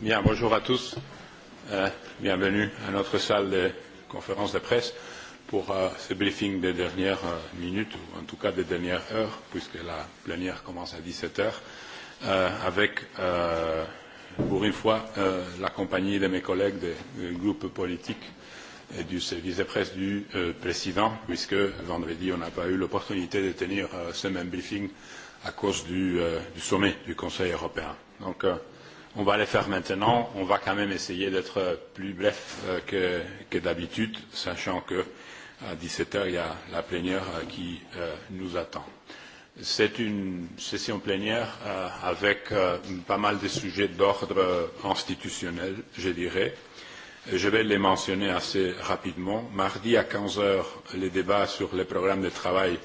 Bien, bonjour à tous. Euh, bienvenue à notre salle de conférence de presse pour euh, ce briefing des dernières euh, minutes, ou en tout cas des dernières heures, puisque la plénière commence à 17 heures, euh, avec, euh, pour une fois, euh, la compagnie de mes collègues des, des groupes politiques et du service de presse du euh, président, puisque vendredi, on n'a pas eu l'opportunité de tenir euh, ce même briefing à cause du, euh, du sommet du Conseil européen. Donc, euh, On va les faire maintenant. On va quand même essayer d'être plus bref que, que d'habitude, sachant que à 17h, il y a la plénière qui nous attend. C'est une session plénière avec pas mal de sujets d'ordre institutionnel, je dirais. Je vais les mentionner assez rapidement. Mardi à 15h, les débats sur le programme de travail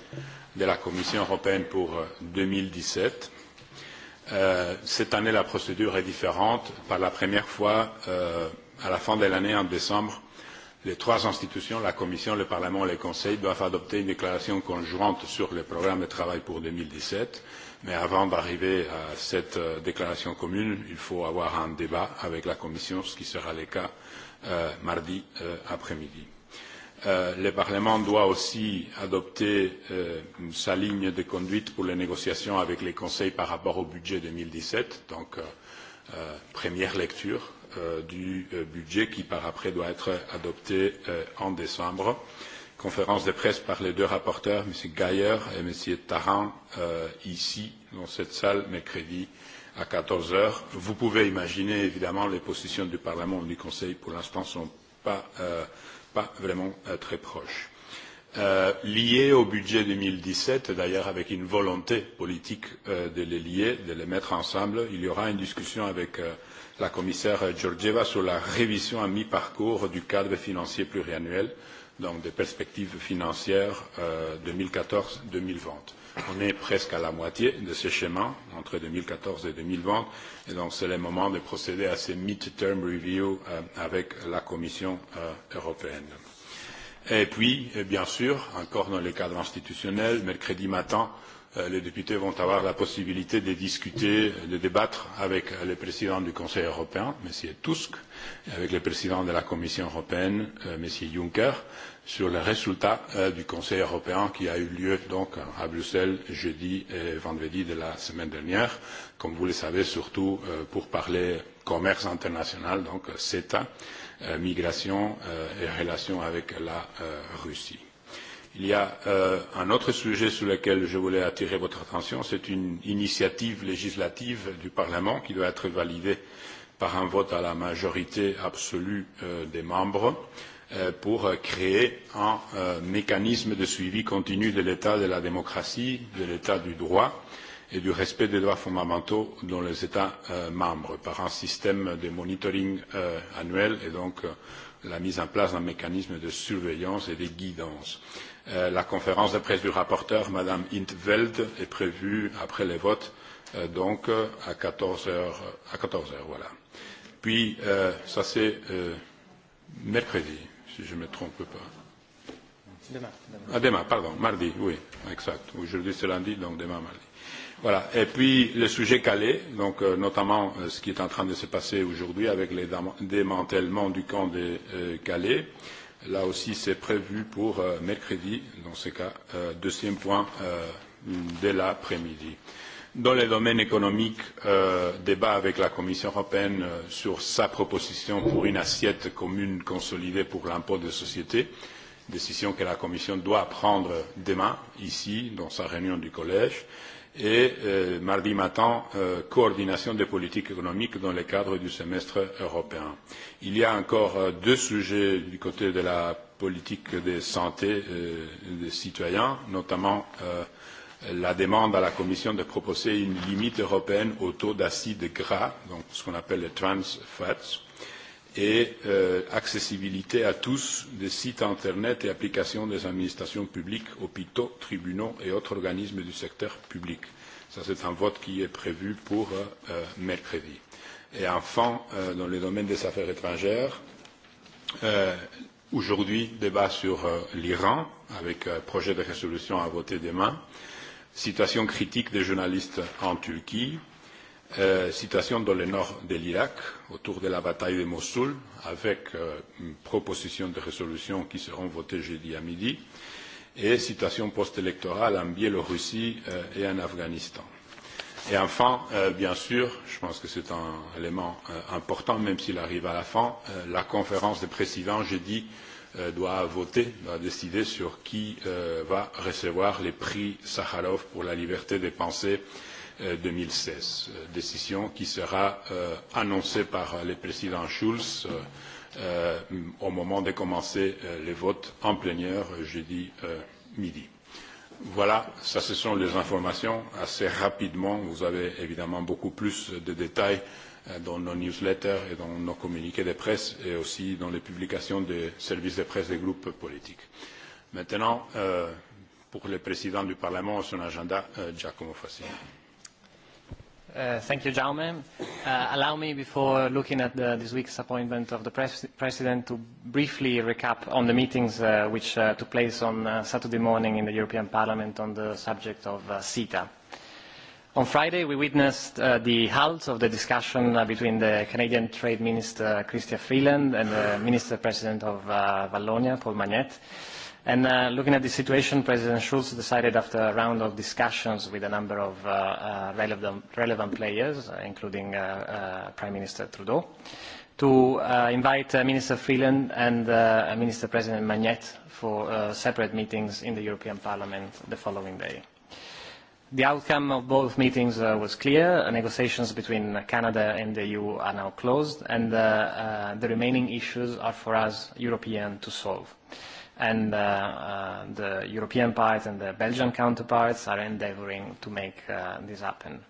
de la Commission européenne pour 2017 cette année, la procédure est différente. Par la première fois, à la fin de l'année, en décembre, les trois institutions, la Commission, le Parlement et le Conseil, doivent adopter une déclaration conjointe sur le programme de travail pour deux mille dix sept, Mais avant d'arriver à cette déclaration commune, il faut avoir un débat avec la Commission, ce qui sera le cas mardi après-midi le Parlement doit aussi adopter sa ligne de conduite pour les négociations avec le Conseil par rapport au budget deux mille dix sept, donc première lecture du budget qui par après doit être adopté en décembre. Conférence de presse par les deux rapporteurs, M. Gaillard et M. Tarand, ici, dans cette salle, mercredi à quatorze heures. Vous pouvez imaginer, évidemment, les positions du Parlement et du Conseil pour l'instant sont pas, pas vraiment très proche. lié au budget deux mille dix sept, d'ailleurs avec une volonté politique de les lier, de les mettre ensemble, il y aura une discussion avec la commissaire Georgieva sur la révision à mi-parcours du cadre financier pluriannuel, donc des perspectives financières deux mille quatorze 2014-2020 On est presque à la moitié de ce schéma entre 2014 et 2020, et donc c'est le moment de procéder à ces mid-term reviews euh, avec la Commission euh, européenne. Et puis, bien sûr, encore dans les cadres institutionnels, mercredi matin, les députés vont avoir la possibilité de discuter, de débattre avec le président du Conseil européen, M. Tusk, avec le président de la Commission européenne, M. Juncker, sur les résultats du Conseil européen qui a eu lieu donc à Bruxelles jeudi et vendredi de la semaine dernière, comme vous le savez, surtout pour parler commerce international, donc CETA, migration et relations avec la Russie. Il y a un autre sujet sur lequel je voulais attirer votre attention, c'est une initiative législative du Parlement qui doit être validée par un vote à la majorité absolue des membres pour créer un mécanisme de suivi continu de l'état de la démocratie, de l'état du droit et du respect des droits fondamentaux dans les États membres par un système de monitoring annuel et donc la mise en place d'un mécanisme de surveillance et de guidance. la conférence de presse du rapporteur, Madame Int Veld, est prévue après les votes, donc à quatorze heures. Puis, ça c'est mercredi si je ne me trompe pas. Demain. demain. Ah, demain, pardon, mardi, oui, exact. Aujourd'hui c'est lundi, donc demain mardi. Voilà. Et puis le sujet calais, donc euh, notamment euh, ce qui est en train de se passer aujourd'hui avec le démantèlement du camp de euh, Calais. Là aussi, c'est prévu pour euh, mercredi, dans ce cas, euh, deuxième point euh, de l'après-midi dans le domaine économique, débat avec la Commission européenne sur sa proposition pour une assiette commune consolidée pour l'impôt des sociétés, décision que la Commission doit prendre demain, ici, dans sa réunion du Collège, et mardi matin, coordination des politiques économiques dans le cadre du semestre européen. Il y a encore deux sujets du côté de la politique de santé des citoyens, notamment euh, la demande à la Commission de proposer une limite européenne au taux d'acides gras, donc ce qu'on appelle les trans fats, et euh, accessibilité à tous des sites Internet et applications des administrations publiques, hôpitaux, tribunaux et autres organismes du secteur public. Ça, c'est un vote qui est prévu pour euh, mercredi. Et enfin, euh, dans le domaine des affaires étrangères, euh, aujourd'hui, débat sur euh, l'Iran, avec euh, projet de résolution à voter demain situation critique des journalistes en Turquie, situation dans le nord de l'Irak, autour de la bataille de Mossoul, avec une proposition de résolution qui seront votées jeudi à midi, et situation post-électorale en Biélorussie et en Afghanistan. Et enfin, bien sûr, je pense que c'est un élément important, même s'il arrive à la fin, la conférence des présidents jeudi doit voter, doit décider sur qui va recevoir les prix Sakharov pour la liberté de pensée deux mille seize, Décision qui sera annoncée par le président Schulz au moment de commencer les votes en plénière jeudi midi. Voilà, ce sont les informations assez rapidement. Vous avez évidemment beaucoup plus de détails dans nos newsletters et dans nos communiqués de presse et aussi dans les publications des services de presse des groupes politiques. Maintenant, pour le président du Parlement, son agenda, Giacomo Fassino. Thank you, Jaume. Allow me, before looking at this week's appointment of the president, to briefly recap on the meetings which took place on Saturday morning in the European Parliament on the subject of CETA. On Friday, we witnessed uh, the halt of the discussion uh, between the Canadian Trade Minister, Chrystia Freeland, and the Minister President of uh, Wallonia, Paul Magnette. And uh, looking at the situation, President Schulz decided after a round of discussions with a number of uh, uh, relevant, relevant players, uh, including uh, uh, Prime Minister Trudeau, to uh, invite uh, Minister Freeland and uh, Minister President Magnette for uh, separate meetings in the European Parliament the following day. The outcome of both meetings uh, was clear. Negotiations between Canada and the EU are now closed, and uh, uh, the remaining issues are for us European to solve. And uh, uh, the European part and the Belgian counterparts are endeavoring to make uh, this happen.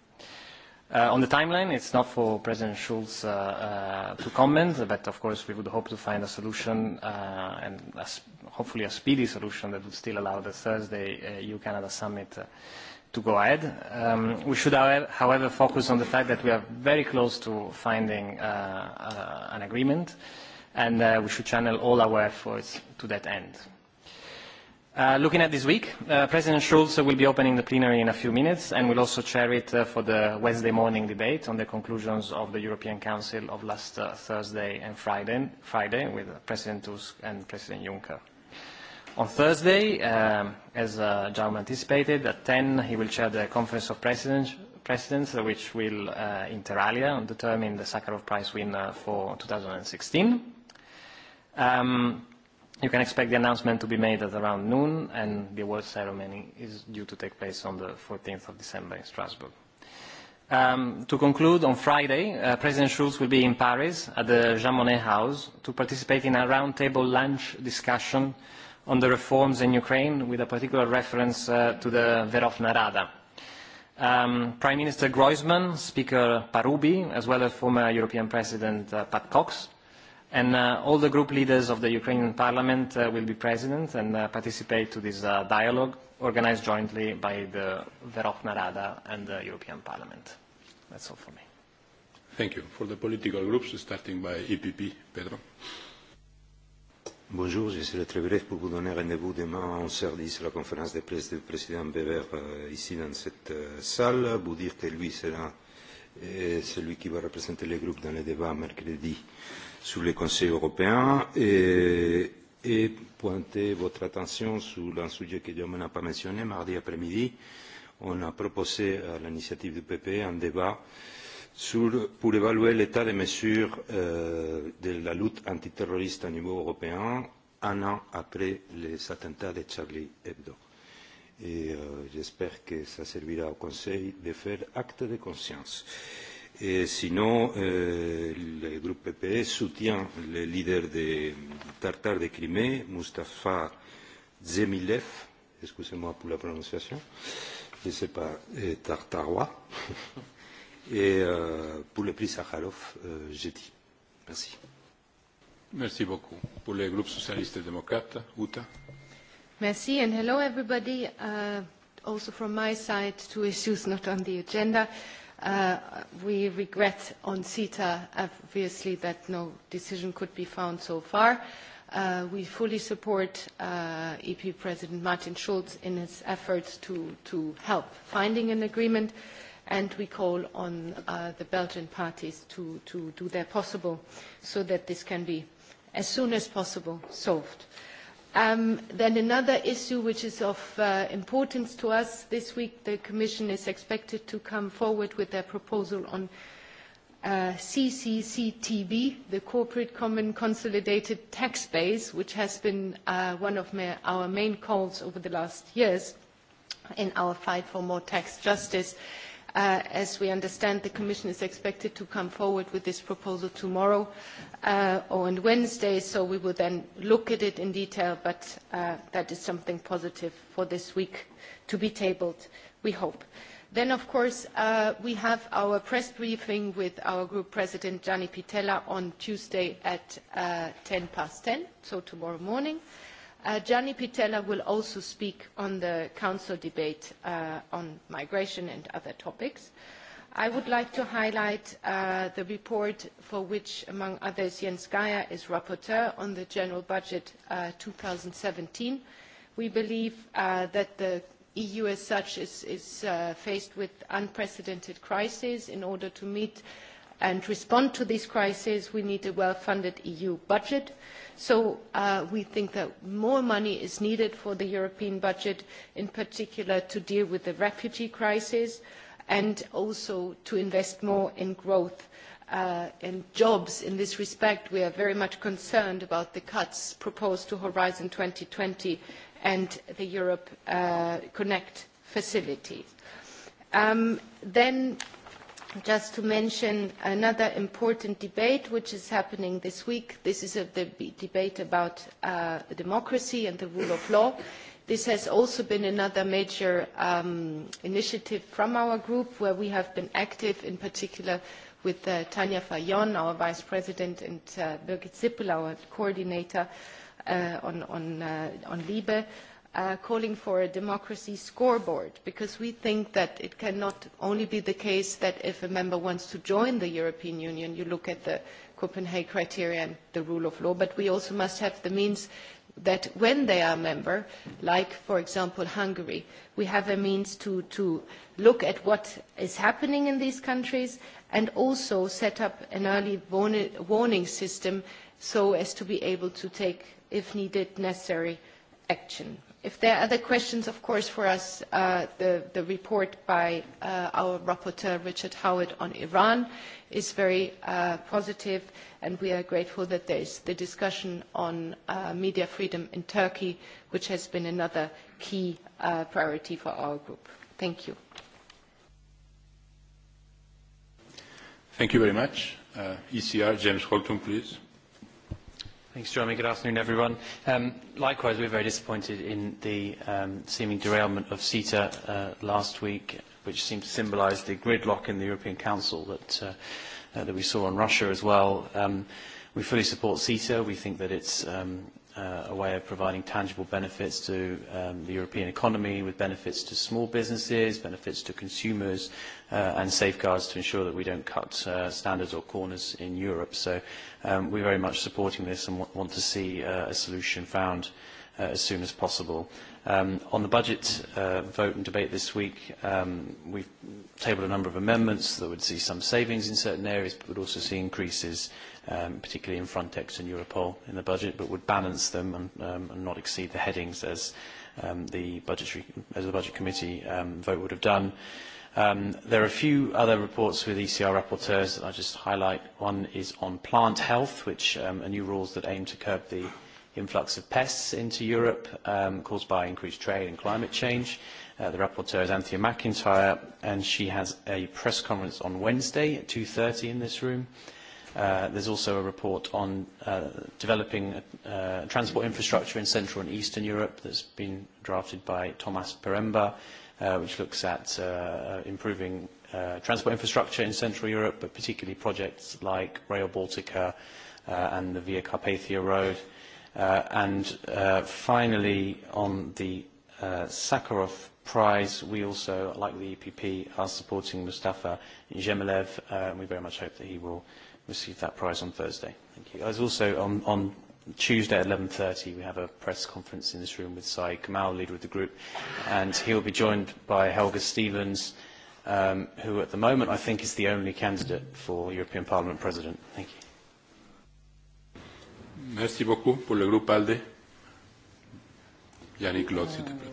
Uh, on the timeline, it's not for President Schulz uh, uh, to comment, but of course we would hope to find a solution uh, and a, hopefully a speedy solution that would still allow the Thursday uh, EU-Canada summit uh, to go ahead. Um, we should, however, focus on the fact that we are very close to finding uh, uh, an agreement, and uh, we should channel all our efforts to that end. Uh, looking at this week, uh, President Schulz will be opening the plenary in a few minutes and will also chair it uh, for the Wednesday morning debate on the conclusions of the European Council of last uh, Thursday and Friday, Friday with President Tusk and President Juncker. On Thursday, um, as uh, Jaume anticipated, at 10 he will chair the Conference of Presidents, presidents which will, uh, inter alia, determine the Sakharov Prize winner for 2016. Um, you can expect the announcement to be made at around noon, and the award ceremony is due to take place on the 14th of December in Strasbourg. Um, to conclude, on Friday, uh, President Schulz will be in Paris at the Jean Monnet House to participate in a roundtable lunch discussion on the reforms in Ukraine, with a particular reference uh, to the Verovna Rada. Um, Prime Minister Groisman, Speaker Parubi, as well as former European President uh, Pat Cox, and uh, all the group leaders of the Ukrainian Parliament uh, will be present and uh, participate to this uh, dialogue organized jointly by the Verovna Rada and the European Parliament. That's all for me. Thank you. For the political groups, starting by EPP, Pedro. Bonjour, je serai très bref pour vous donner rendez-vous demain à 11h10 à la conférence de presse du président Weber ici dans cette salle. Vous dire que lui sera celui qui va représenter le groupe dans le débat mercredi sur le Conseil européen et, et pointer votre attention sur un sujet que Diom n'a pas mentionné. Mardi après-midi, on a proposé à l'initiative du PPE un débat euh, pour évaluer l'état des mesures de la lutte antiterroriste au niveau européen un an après les attentats de Charlie Hebdo. Et j'espère que cela servira au Conseil de faire acte de conscience. Et sinon, le groupe PPE soutient le leader des Tartares de Crimée, Mustapha Zemilev, excusez-moi pour la prononciation, je ne sais pas, tartarois Et pour le prix Sakharov, jeudi. Merci. Merci beaucoup. Pour le groupe socialiste et démocrate, Uta. Merci and hello everybody. Uh, also from my side, two issues not on the agenda. Uh, we regret on CETA, obviously, that no decision could be found so far. Uh, we fully support uh, EP President Martin Schulz in his efforts to, to help finding an agreement. Uh, and we call on uh, the Belgian parties to, to do their possible so that this can be, as soon as possible, solved. Um, then another issue which is of uh, importance to us this week, the Commission is expected to come forward with their proposal on uh, CCCTB, the Corporate Common Consolidated Tax Base, which has been uh, one of my, our main calls over the last years in our fight for more tax justice as we understand, the Commission is expected to come forward with this proposal tomorrow or on Wednesday, so we will then look at it in detail, but that is something positive for this week to be tabled, we hope. Then, of course, we have our press briefing with our group president, Gianni Pittella, on Tuesday at ten past ten, so tomorrow morning. Gianni Pittella will also speak on the Council debate on migration and other topics. I would like to highlight the report for which, among others, Jens Geier is rapporteur on the General Budget uh, seventeen. We believe that the EU as such is, faced with unprecedented crises in order to meet uh, and respond to this crisis, we need a well-funded EU budget. So we think that more money is needed for the European budget, in particular to deal with the refugee crisis and also to invest more in growth and jobs. In this respect, we are very much concerned about the cuts proposed to Horizon twenty and the Europe Connect facility. then just to mention another important debate which is happening this week. This is a debate about uh, democracy and the rule of law. This has also been another major um, initiative from our group where we have been active, in particular with uh, Tanja Fayon, our Vice President, and uh, Birgit Zippel, our coordinator uh, on, on, uh, on LIBE calling for a democracy scoreboard because we think that it cannot only be the case that if a member wants to join the European Union, you look at the Copenhagen criteria and the rule of law, but we also must have the means that when they are a member, like, for example, Hungary, we have a means to, to look at what is happening in these countries and also set up an early warning system so as to be able to take, if needed, necessary action If there are other questions, of course, for us, the, the report by our rapporteur, Richard Howard, on Iran is very positive, and we are grateful that there is the discussion on media freedom in Turkey, which has been another key priority for our group. Thank you. Thank you very much. ECR, James Holton, please. Thanks, Jeremy. Good afternoon, everyone. Um, likewise, we're very disappointed in the um, seeming derailment of CETA uh, last week, which seemed to symbolise the gridlock in the European Council that, uh, uh, that we saw on Russia as well. Um, we fully support CETA. We think that it's um, uh, a way of providing tangible benefits to um, the European economy with benefits to small businesses, benefits to consumers uh, and safeguards to ensure that we don't cut uh, standards or corners in Europe. So um, we're very much supporting this and want to see uh, a solution found uh, as soon as possible. Um, on the budget uh, vote and debate this week, um, we've tabled a number of amendments that would see some savings in certain areas, but would also see increases, um, particularly in Frontex and Europol in the budget, but would balance them and, um, and not exceed the headings as um, the budgetary, as the budget committee um, vote would have done. Um, there are a few other reports with ECR rapporteurs that I just highlight. One is on plant health, which um, are new rules that aim to curb the influx of pests into Europe um, caused by increased trade and climate change. Uh, the rapporteur is Anthea McIntyre, and she has a press conference on Wednesday at 2.30 in this room. Uh, there's also a report on uh, developing uh, transport infrastructure in Central and Eastern Europe that's been drafted by Thomas Peremba, uh, which looks at uh, improving uh, transport infrastructure in Central Europe, but particularly projects like Rail Baltica uh, and the Via Carpathia Road. Uh, and finally, on the Sakharov Prize, we also, like the EPP, are supporting Mustafa Zhemilev, and we very much hope that he will receive that prize on Thursday. Thank you. As also on, on Tuesday at 11.30, we have a press conference in this room with Sai Kamal, leader of the group, and he'll be joined by Helga Stevens, um, who at the moment I think is the only candidate for European Parliament President. Thank you. Merci beaucoup pour le groupe ALDE. Yannick Lotte, s'il te plaît.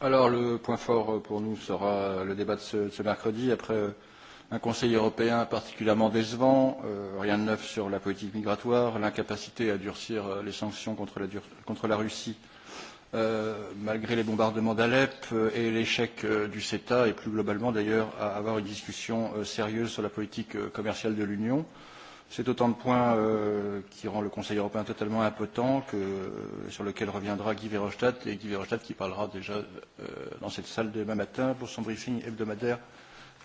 Alors le point fort pour nous sera le débat de ce, de ce mercredi après un Conseil européen particulièrement décevant, euh, rien de neuf sur la politique migratoire, l'incapacité à durcir les sanctions contre la, contre la Russie euh, malgré les bombardements d'Alep et l'échec du CETA et plus globalement d'ailleurs à avoir une discussion sérieuse sur la politique commerciale de l'Union. Euh, C'est autant de points euh, qui rend le Conseil européen totalement impotent, que, sur lequel reviendra Guy Verhofstadt, et Guy Verhofstadt qui parlera déjà euh, dans cette salle demain matin pour son briefing hebdomadaire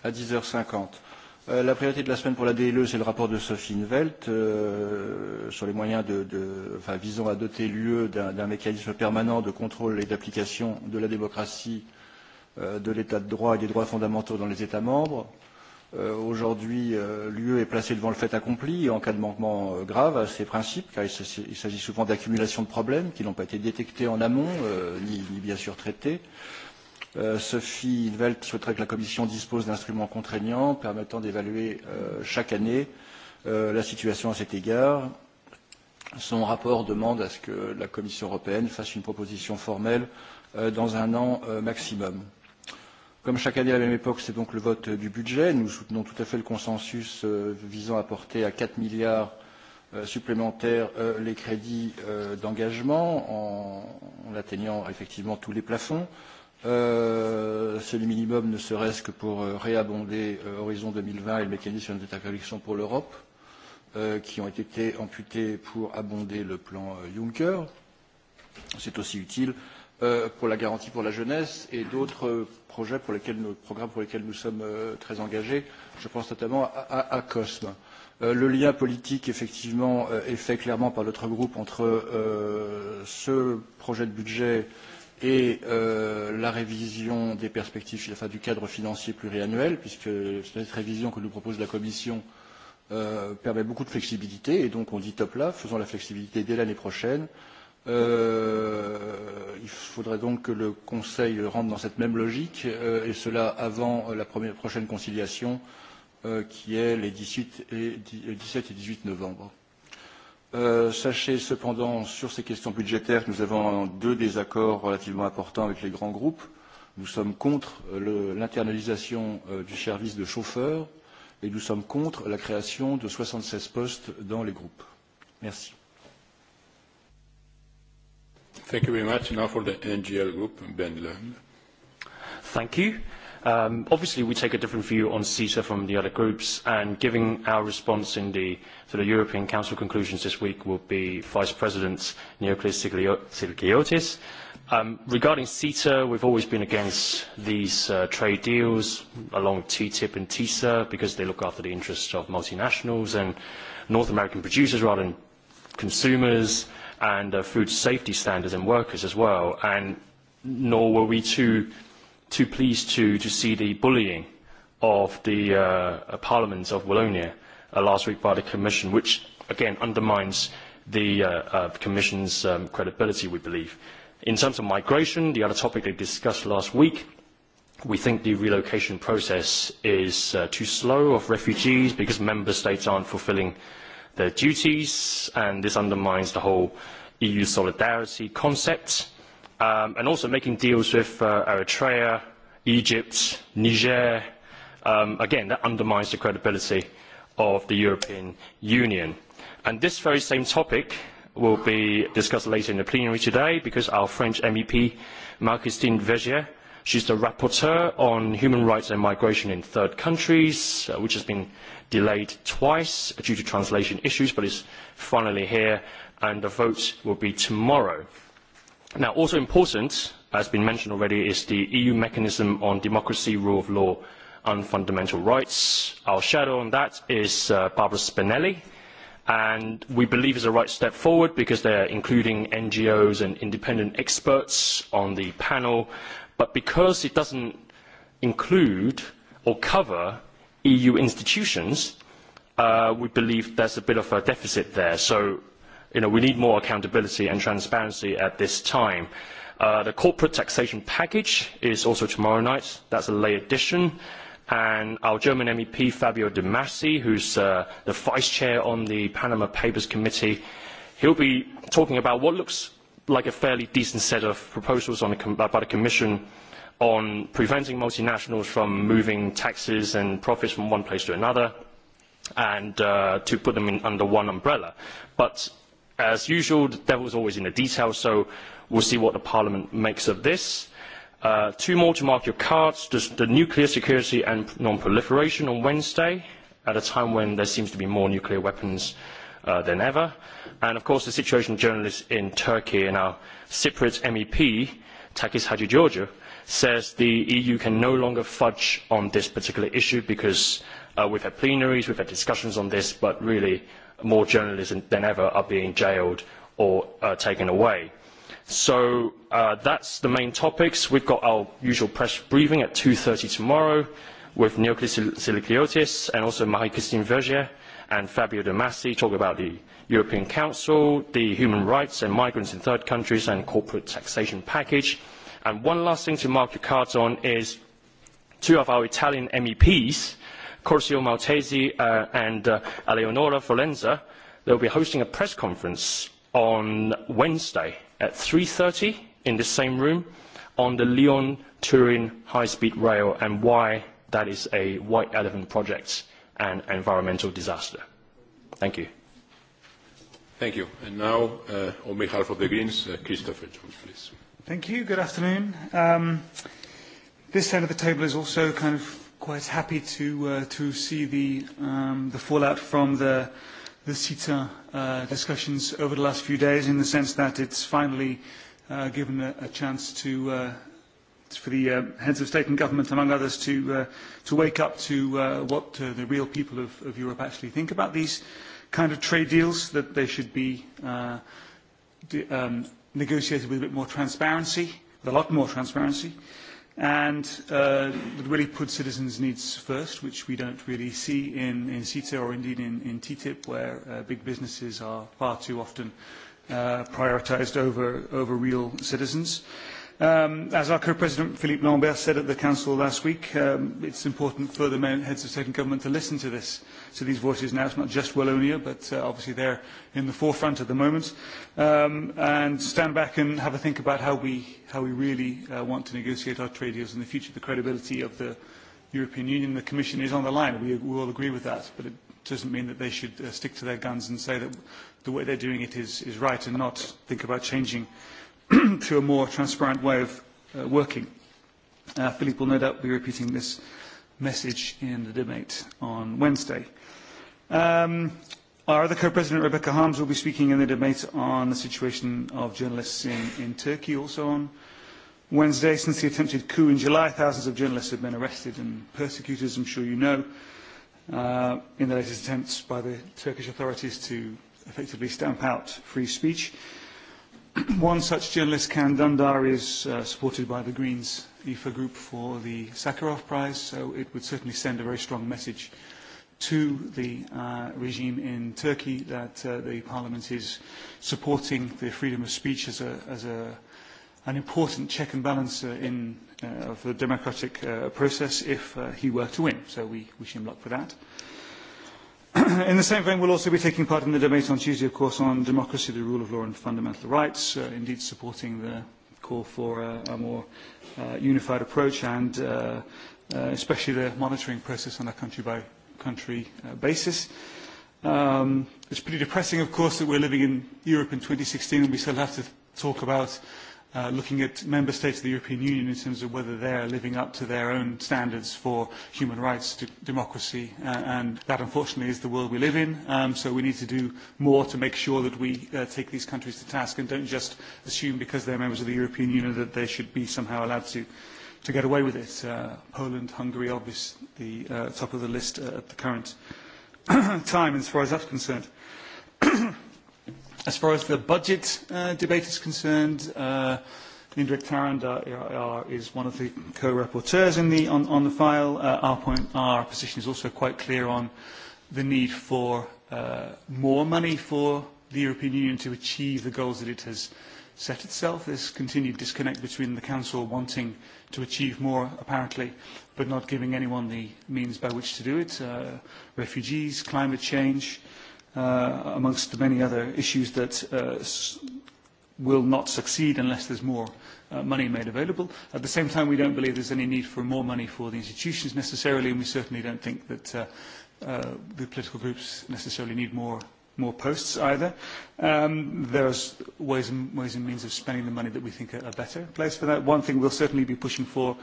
à 10h50. Euh, la priorité de la semaine pour la DLE, c'est le rapport de Sophie Invelt euh, sur les moyens de, de, enfin, visant à doter l'UE d'un mécanisme permanent de contrôle et d'application de la démocratie, euh, de l'état de droit et des droits fondamentaux dans les États membres. Aujourd'hui, l'UE est placée devant le fait accompli en cas de manquement grave à ces principes, car il s'agit souvent d'accumulation de problèmes qui n'ont pas été détectés en amont, ni, bien sûr traités. Sophie Invelt souhaiterait que la Commission dispose d'instruments contraignants permettant d'évaluer chaque année la situation à cet égard. Son rapport demande à ce que la Commission européenne fasse une proposition formelle dans un an maximum Comme chaque année à la même époque, c'est donc le vote du budget. Nous soutenons tout à fait le consensus visant à porter à 4 milliards supplémentaires les crédits d'engagement en atteignant effectivement tous les plafonds. C'est le minimum, ne serait-ce que pour réabonder Horizon 2020 et le mécanisme collection pour l'Europe, qui ont été amputés pour abonder le plan Juncker. C'est aussi utile pour la garantie pour la jeunesse et d'autres projets pour lesquels nous, programmes pour lesquels nous sommes très engagés. Je pense notamment à, à COSME. Le lien politique, effectivement, est fait clairement par notre groupe entre ce projet de budget et la révision des perspectives, enfin du cadre financier pluriannuel, puisque cette révision que nous propose la Commission permet beaucoup de flexibilité, et donc on dit top là, faisons la flexibilité dès l'année prochaine faudrait donc que le Conseil rentre dans cette même logique, et cela avant la prochaine conciliation, qui est les dix sept et dix huit novembre. sachez cependant, sur ces questions budgétaires, que nous avons deux désaccords relativement importants avec les grands groupes. Nous sommes contre l'internalisation du service de chauffeur et nous sommes contre la création de soixante seize postes dans les groupes. Merci. Thank you very much. Now for the NGL Group, Ben Lund. Thank you. Um, obviously, we take a different view on CETA from the other groups, and giving our response in the sort of European Council conclusions this week will be Vice President Neoclis Sigliotis. Um, regarding CETA, we've always been against these uh, trade deals along TTIP and TISA because they look after the interests of multinationals and North American producers rather than consumers and uh, food safety standards and workers as well. And nor were we too, too pleased to, to see the bullying of the uh, Parliament of Wallonia uh, last week by the Commission, which again undermines the uh, uh, Commission's um, credibility, we believe. In terms of migration, the other topic they discussed last week, we think the relocation process is uh, too slow of refugees because member states aren't fulfilling uh, their duties, and this undermines the whole EU solidarity concept, and also making deals with Eritrea, Egypt, Niger. again, that undermines the credibility of the European Union. And this very same topic will be discussed later in the plenary today because our French MEP, Marc-Christine Vergier, She's the rapporteur on human rights and migration in third countries, uh, which has been delayed twice due to translation issues, but is finally here, and the vote will be tomorrow. Now, also important, as been mentioned already, is the EU mechanism on democracy, rule of law, and fundamental rights. Our shadow on that is uh, Barbara Spinelli, and we believe is a right step forward because they're including NGOs and independent experts on the panel But because it doesn't include or cover EU institutions, we believe there's a bit of a deficit there. So we need more accountability and transparency at this time. the corporate taxation package is also tomorrow night. That's a late addition, And our German MEP, Fabio De Massi, who's uh, the vice chair on the Panama Papers Committee, he'll be talking about what looks like a fairly decent set of proposals on the, by the Commission on preventing multinationals from moving taxes and profits from one place to another and uh, to put them in, under one umbrella. But as usual, the devil's always in the details, so we'll see what the Parliament makes of this. Uh, two more to mark your cards, just the nuclear security and non-proliferation on Wednesday, at a time when there seems to be more nuclear weapons uh, than ever. And of course, the situation of journalists in Turkey and our Cypriot MEP, Takis Hajigeorgiou, says the EU can no longer fudge on this particular issue because we have had plenaries, we have had discussions on this, but really more journalists than ever are being jailed or taken away. So uh, that's the main topics. We have got our usual press briefing at two thirty tomorrow with Neoklis Silikliotis and also Marie-Christine Vergier and Fabio De Masi talk about the European Council, the human rights and migrants in third countries and corporate taxation package. And one last thing to mark your cards on is two of our Italian MEPs, Corsio Maltesi and Eleonora Folenza, they will be hosting a press conference on Wednesday at three thirty in the same room on the Lyon-Turin high-speed rail and why that is a white elephant project and environmental disaster. Thank you. Thank you. And now, uh, on behalf of the Greens, uh, Christopher Jones, please. Thank you. Good afternoon. Um, this side of the table is also kind of quite happy to uh, to see the um, the fallout from the the CETA uh, discussions over the last few days, in the sense that it's finally uh, given a, a chance to. Uh, for the uh, heads of state and government, among others, to, uh, to wake up to uh, what uh, the real people of, of Europe actually think about these kind of trade deals, that they should be uh, de um, negotiated with a bit more transparency, with a lot more transparency, and uh, that really put citizens' needs first, which we don't really see in, in CETA or indeed in, in TTIP, where uh, big businesses are far too often uh, prioritized over, over real citizens. Uh, as our co-president Philippe Lambert said at the council last week, um, it's important for the heads of state and government to listen to this, to these voices now. It's not just Wallonia, but uh, obviously they're in the forefront at the moment, um, and stand back and have a think about how we how we really uh, want to negotiate our trade deals in the future. The credibility of the European Union, the Commission is on the line. We, we all agree with that, but it doesn't mean that they should uh, stick to their guns and say that the way they're doing it is, is right and not think about changing to a more transparent way of uh, working. Uh, Philippe will no doubt be repeating this message in the debate on Wednesday. Um, our other co-president, Rebecca Harms, will be speaking in the debate on the situation of journalists in, in Turkey, also on Wednesday. Since the attempted coup in July, thousands of journalists have been arrested and persecuted, as I'm sure you know, uh, in the latest attempts by the Turkish authorities to effectively stamp out free speech. Uh, One such journalist, Can Dundar, is uh, supported by the Greens IFA group for the Sakharov Prize, so it would certainly send a very strong message to the uh, regime in Turkey that uh, the parliament is supporting the freedom of speech as, a, as a, an important check and balance uh, in, uh, of the democratic uh, process if uh, he were to win. So we wish him luck for that. Uh, in the same vein, we'll also be taking part in the debate on Tuesday, of course, on democracy, the rule of law, and fundamental rights, uh, indeed supporting the call for uh, a more uh, unified approach and uh, uh, especially the monitoring process on a country-by-country uh, basis. Um, it's pretty depressing, of course, that we're living in Europe in 2016 and we still have to talk about uh, looking at member states of the European Union in terms of whether they are living up to their own standards for human rights, to democracy, uh, and that unfortunately is the world we live in. Um, so we need to do more to make sure that we uh, take these countries to task and don't just assume because they're members of the European Union that they should be somehow allowed to to get away with it. Uh, Poland, Hungary, obviously the uh, top of the list uh, at the current time as far as that's concerned. As far as the budget uh, debate is concerned, uh, Indrek Tarand is one of the co-rapporteurs in the, on, on the file. Uh, our, point, our position is also quite clear on the need for uh, more money for the European Union to achieve the goals that it has set itself. This continued disconnect between the Council wanting to achieve more, apparently, but not giving anyone the means by which to do it. Uh, refugees, climate change, uh, uh, amongst the many other issues that uh, will not succeed unless there's more uh, money made available. At the same time, we don't believe there's any need for more money for the institutions necessarily, and we certainly don't think that uh, uh, the political groups necessarily need more more posts either. Um, there's ways and, ways and means of spending the money that we think are a better place for that. One thing we'll certainly be pushing for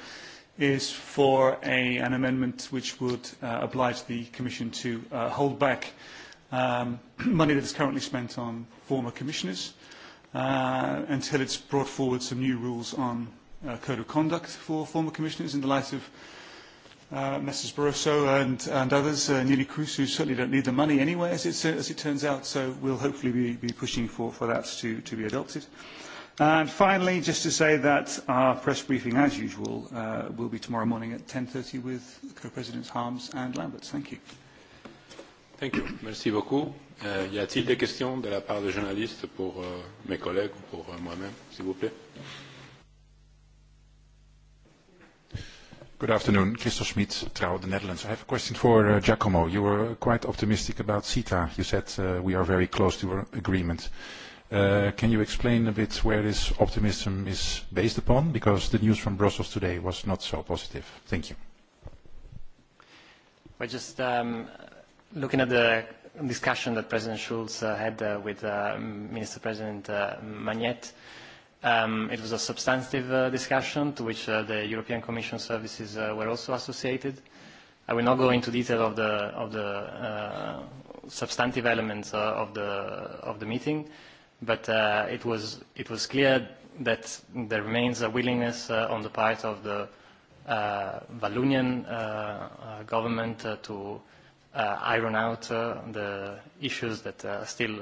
is for a, an amendment which would uh, oblige the Commission to uh, hold back uh, um, money that is currently spent on former commissioners uh, until it's brought forward some new rules on uh, code of conduct for former commissioners in the light of uh, Messrs Barroso and, and others, uh, Neelie Cruz, who certainly don't need the money anyway, as, it, as it turns out, so we'll hopefully be, be pushing for, for that to, to be adopted. And finally, just to say that our press briefing, as usual, uh, will be tomorrow morning at 10.30 with co-presidents Harms and Lamberts. Thank you. Thank you. Merci beaucoup. Euh, y a-t-il des questions de la part des journalistes pour euh, mes collègues ou pour euh, moi-même, s'il vous plaît Good afternoon. Christophe Schmid, Trouw, the Netherlands. I have a question for uh, Giacomo. You were quite optimistic about CETA. You said uh, we are very close to an agreement. Uh, can you explain a bit where this optimism is based upon? Because the news from Brussels today was not so positive. Thank you. Well, just um, looking at the discussion that President Schulz uh, had uh, with uh, Minister President uh, Magnet, um, it was a substantive uh, discussion to which uh, the European Commission services uh, were also associated. I will not go into detail of the, of the uh, substantive elements uh, of, the, of the meeting, but uh, it, was, it was clear that there remains a willingness uh, on the part of the uh, Valunian uh, uh, government uh, to uh, uh, iron out uh, the issues that are still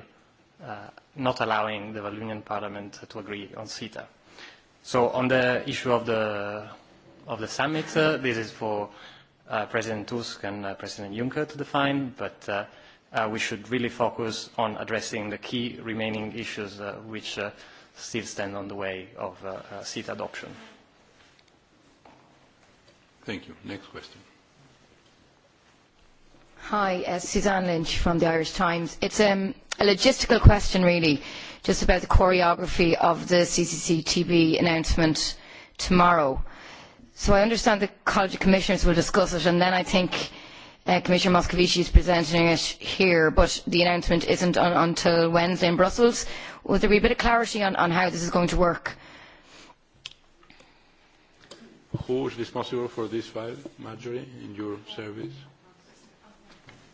uh, not allowing the Valunian Parliament to agree on CETA. So on the issue of the, of the summit, uh, this is for uh, President Tusk and uh, President Juncker to define, but uh, uh, we should really focus on addressing the key remaining issues uh, which uh, still stand on the way of uh, uh, CETA adoption. Thank you. Next question. Hi, uh, Suzanne Lynch from the Irish Times. It's um, a logistical question, really, just about the choreography of the CCCTB announcement tomorrow. So I understand the College of Commissioners will discuss it, and then I think uh, Commissioner Moscovici is presenting it here, but the announcement isn't on, until Wednesday in Brussels. Will there be a bit of clarity on, on how this is going to work? Who is responsible for this file, Marjorie, in your service?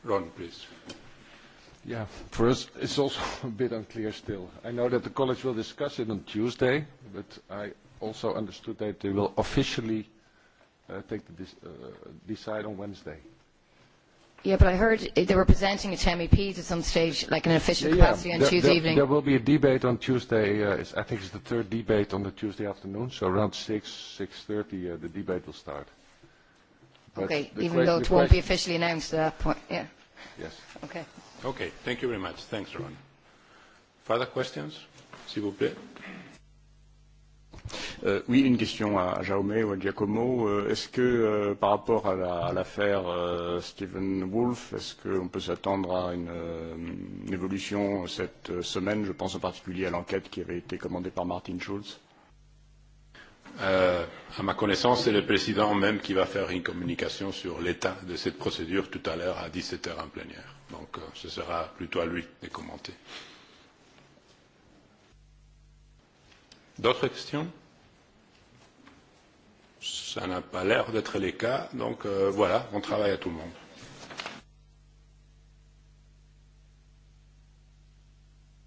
Ron, please. Yeah. For us, it's also a bit unclear still. I know that the college will discuss it on Tuesday, but I also understood that they will officially uh, take the dis- uh, decide on Wednesday. Yeah, but I heard they were presenting it to MEPs at some stage, like an official yeah, capacity on there, Tuesday there, evening. There will be a debate on Tuesday. Uh, it's, I think it's the third debate on the Tuesday afternoon. So around six, six thirty, uh, the debate will start. Okay, even though it won't be officially announced at that point, yeah. Yes. Okay. Okay, thank you very much. Thanks, Ron. Further questions, s'il vous plaît? oui, une question à Jaume ou à Giacomo. est-ce que par rapport à, l'affaire euh, Stephen Wolf, est-ce qu'on peut s'attendre à une évolution cette semaine Je pense en particulier à l'enquête qui avait été commandée par Martin Schulz à ma connaissance, c'est le président même qui va faire une communication sur l'état de cette procédure tout à l'heure à dix sept heures en plénière. Donc ce sera plutôt à lui de commenter. D'autres questions Ça n'a pas l'air d'être le cas. Donc voilà, bon travail à tout le monde.